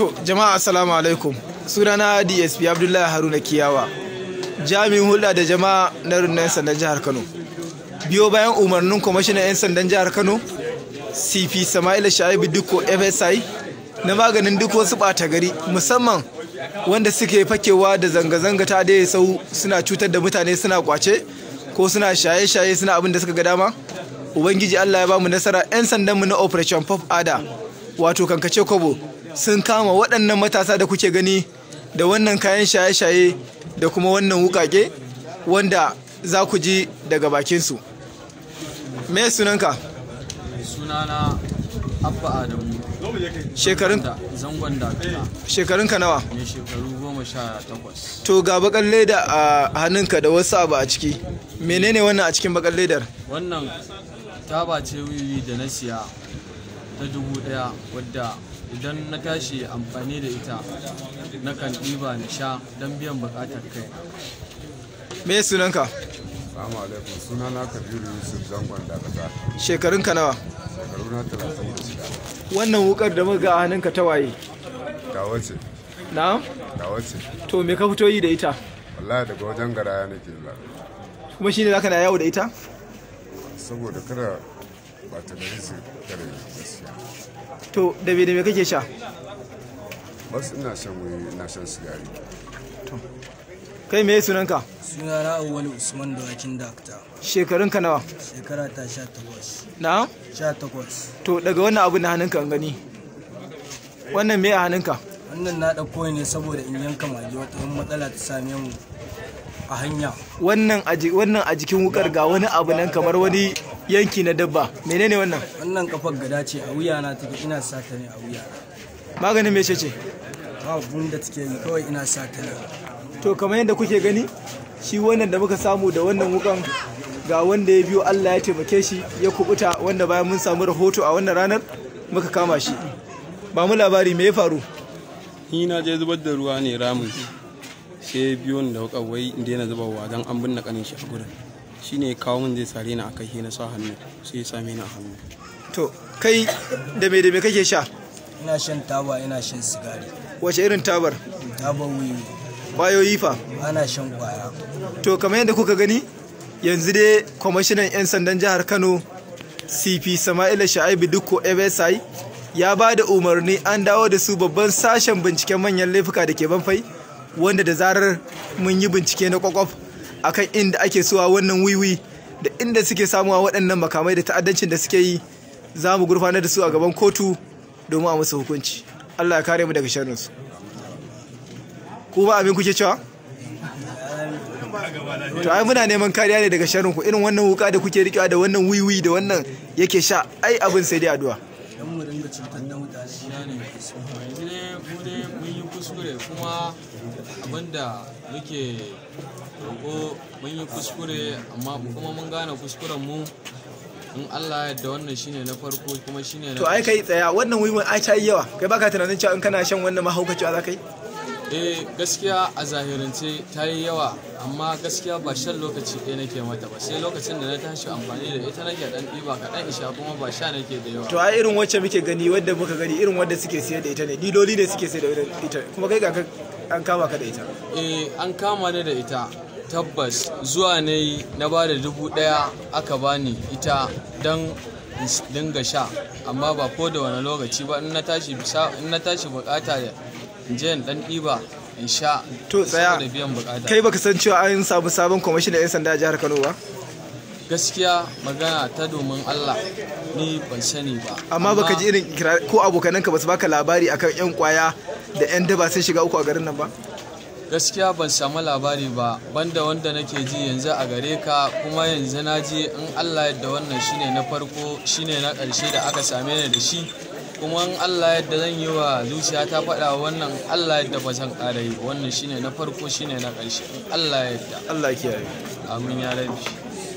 To jama'a assalamu alaikum sunana DSP Abdullahi Haruna Kiyawa jami'in hulɗa da jama'a na rundunar sandan jihar Kano. Biyo bayan umarnin kwamishinan 'yan sandan jihar Kano CP Sama'ila Sha'ibu Dukko FSI na maganin duk wasu ɓata gari musamman wanda suke fakewa da zanga-zanga ta da sau suna cutar da mutane suna kwace ko suna shaye-shaye suna abin da suka ga dama ubangiji allah ya bamu nasara 'yan mu na operation pop ada wato kankace kobo sun kama waɗannan matasa da kuke gani da wannan kayan shaye-shaye da kuma wannan wukake wanda za ku ji daga bakinsu me sunanka sunana abba adamu shekarun zangon shekarun ka nawa ne shekaru goma sha takwas to ga bakar leda a hannunka da wasu abu a ciki menene wannan a cikin bakar ledar wannan taba ce wiwi da na siya ta dubu daya wadda idan na tashi amfani da ita na kan ɗiba na sha don biyan buƙatar kai me sunanka salamu alaikum na kabiru yusuf zangon da kasa. shekarun ka nawa shekaru na talatin da shida wannan wukar da muka a hannunka ta waye ta wace na ga wace to me ka fito yi da ita wallahi daga wajen gara ya nake kuma shine zaka na yawo da ita saboda kada ba talabijin kare gaskiya to da bai da mai kake sha bas ina shan wuyi ina shan sigari to kai me sunanka sunana awwal usman da wakin dakta shekarunka nawa shekara ta sha takwas 18 sha takwas to daga wannan abu na hannunka an gani wannan me a hannunka wannan na ɗauko ne saboda in yanka mage wata matsala ta same mu a hanya wannan a jikin wukar ga wani abu nan kamar wani yanki na dabba menene wannan wannan kafar gada ce a wuya na take ina sa ta ne a wuya maganin me ce ba abun da take yi kawai ina sa ta ne to kamar yadda kuke gani shi wannan da muka samu da wannan wukan ga wanda ya biyo Allah ya taimake shi ya kubuta wanda bayan mun samu rahoto a wannan ranar muka kama shi ba mu labari me ya faru ni na je zubar da ruwa ne ramin sai biyo ni da wukan wai in yana zubarwa don an binne kanin shi a gurin Shi ne kawo min zai sare ni akai na sa hannu sai ya same ni a hannu to kai da me da me kake sha ina shan taba ina shan sigari wace irin tabar tabar wuyi kwayoyi fa ana shan kwaya to kamar yadda kuka gani yanzu dai kwamishinan 'yan sandan jihar kano cp sama'ila sha'ibu dukko fsi ya ba da umarni an dawo da su babban sashen binciken manyan laifuka da ke banfai wanda da zarar mun yi bincike na kwakwaf akan inda ake suwa wannan wiwi da inda suke samuwa waɗannan makamai da ta'addancin da suke yi za mu gurfanar da su a gaban kotu domin a musu hukunci allah ya kare mu daga shanunsu. ku ba abin kuke cewa to ai muna neman kariya ne daga sharrin ku irin wannan wuka da kuke rikewa da wannan wiwi da wannan yake sha ai abin sai dai addu'a da kuma abinda muke roƙo mun yi kuskure amma kuma mun gane kuskuren mu in Allah ya da wannan shine na farko kuma shine na to ai kai tsaya wannan wiwin ai ta yi yawa kai baka tunanin cewa in kana shan wannan mahaukaci za ka yi eh gaskiya a zahirance ta yi yawa amma gaskiya ba shan lokaci ɗaya nake mata ba sai lokacin da na tashi amfani da ita nake dan ɗiba kaɗan isha kuma ba sha nake da yawa to a irin wacce muke gani wadda muka gani irin wadda suke sayar da ita ne diloli ne suke sayar da ita kuma kai ga an kama ka da ita eh an kama ni da ita tabbas zuwa ne na ba da dubu ɗaya aka bani ita don dinga sha amma ba ko da wani lokaci ba in na tashi bukata in in dan ɗiba in sha to tsaya kai baka san cewa an samu sabon kwamishin 'yan sanda jihar Kano ba gaskiya magana ta domin Allah ni ban sani ba amma baka ji irin ko abokananka ba su baka labari akan yan kwaya da yan daba sun shiga uku a garin nan ba gaskiya ban samu labari ba banda wanda nake ji yanzu a gare ka kuma yanzu na ji in Allah yadda wannan shine na farko shine na karshe da aka same ni da shi kuma in Allah yadda zan yi wa zuciya ta faɗa wannan Allah yadda ba zan ƙara yi wannan shine na farko shine na ƙarshe in Allah yadda Allah kiyaye amin ya rabi